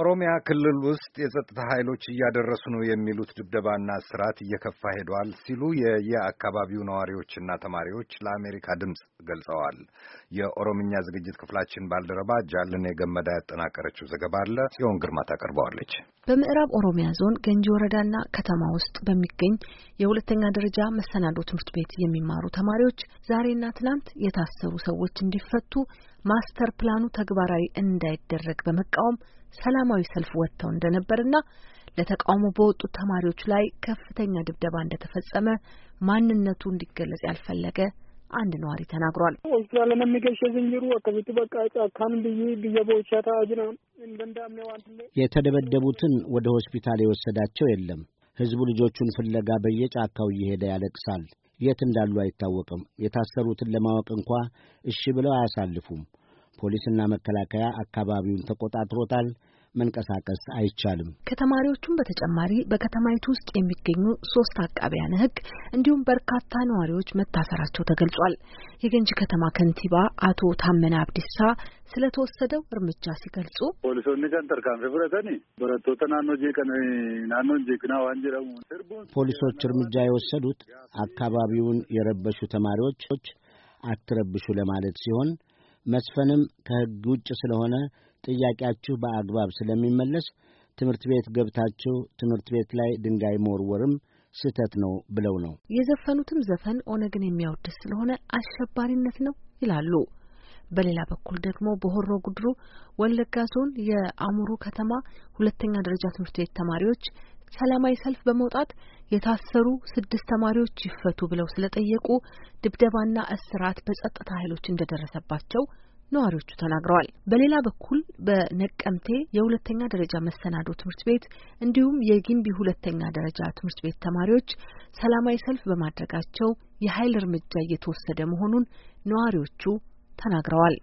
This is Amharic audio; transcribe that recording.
ኦሮሚያ ክልል ውስጥ የጸጥታ ኃይሎች እያደረሱ ነው የሚሉት ድብደባና ስርዓት እየከፋ ሄዷል ሲሉ የየአካባቢው ነዋሪዎችና ተማሪዎች ለአሜሪካ ድምፅ ገልጸዋል። የኦሮምኛ ዝግጅት ክፍላችን ባልደረባ ጃልን ገመዳ ያጠናቀረችው ዘገባ አለ ጽዮን ግርማ ታቀርበዋለች። በምዕራብ ኦሮሚያ ዞን ገንጂ ወረዳና ከተማ ውስጥ በሚገኝ የሁለተኛ ደረጃ መሰናዶ ትምህርት ቤት የሚማሩ ተማሪዎች ዛሬና ትናንት የታሰሩ ሰዎች እንዲፈቱ ማስተር ፕላኑ ተግባራዊ እንዳይደረግ በመቃወም ሰላማዊ ሰልፍ ወጥተው እንደነበርና ለተቃውሞ በወጡ ተማሪዎች ላይ ከፍተኛ ድብደባ እንደተፈጸመ ማንነቱ እንዲገለጽ ያልፈለገ አንድ ነዋሪ ተናግሯል። የተደበደቡትን ወደ ሆስፒታል የወሰዳቸው የለም። ህዝቡ ልጆቹን ፍለጋ በየጫካው እየሄደ ያለቅሳል። የት እንዳሉ አይታወቅም። የታሰሩትን ለማወቅ እንኳ እሺ ብለው አያሳልፉም። ፖሊስና መከላከያ አካባቢውን ተቆጣጥሮታል። መንቀሳቀስ አይቻልም። ከተማሪዎቹም በተጨማሪ በከተማይቱ ውስጥ የሚገኙ ሶስት አቃቢያነ ሕግ እንዲሁም በርካታ ነዋሪዎች መታሰራቸው ተገልጿል። የገንጂ ከተማ ከንቲባ አቶ ታመነ አብዲሳ ስለተወሰደው እርምጃ ሲገልጹ ፖሊሶኒ ፍረተኒ በረቶተ ናኖ ናኖ ጄቅና ፖሊሶች እርምጃ የወሰዱት አካባቢውን የረበሹ ተማሪዎች አትረብሹ ለማለት ሲሆን መስፈንም ከሕግ ውጭ ስለሆነ ጥያቄያችሁ በአግባብ ስለሚመለስ ትምህርት ቤት ገብታችሁ ትምህርት ቤት ላይ ድንጋይ መወርወርም ስህተት ነው ብለው ነው የዘፈኑትም ዘፈን ኦነግን የሚያወድስ ስለሆነ አሸባሪነት ነው ይላሉ። በሌላ በኩል ደግሞ በሆሮ ጉድሩ ወለጋ ዞን የአሙሩ ከተማ ሁለተኛ ደረጃ ትምህርት ቤት ተማሪዎች ሰላማዊ ሰልፍ በመውጣት የታሰሩ ስድስት ተማሪዎች ይፈቱ ብለው ስለጠየቁ ድብደባና እስራት በጸጥታ ኃይሎች እንደደረሰባቸው ነዋሪዎቹ ተናግረዋል። በሌላ በኩል በነቀምቴ የሁለተኛ ደረጃ መሰናዶ ትምህርት ቤት እንዲሁም የጊምቢ ሁለተኛ ደረጃ ትምህርት ቤት ተማሪዎች ሰላማዊ ሰልፍ በማድረጋቸው የኃይል እርምጃ እየተወሰደ መሆኑን ነዋሪዎቹ ተናግረዋል።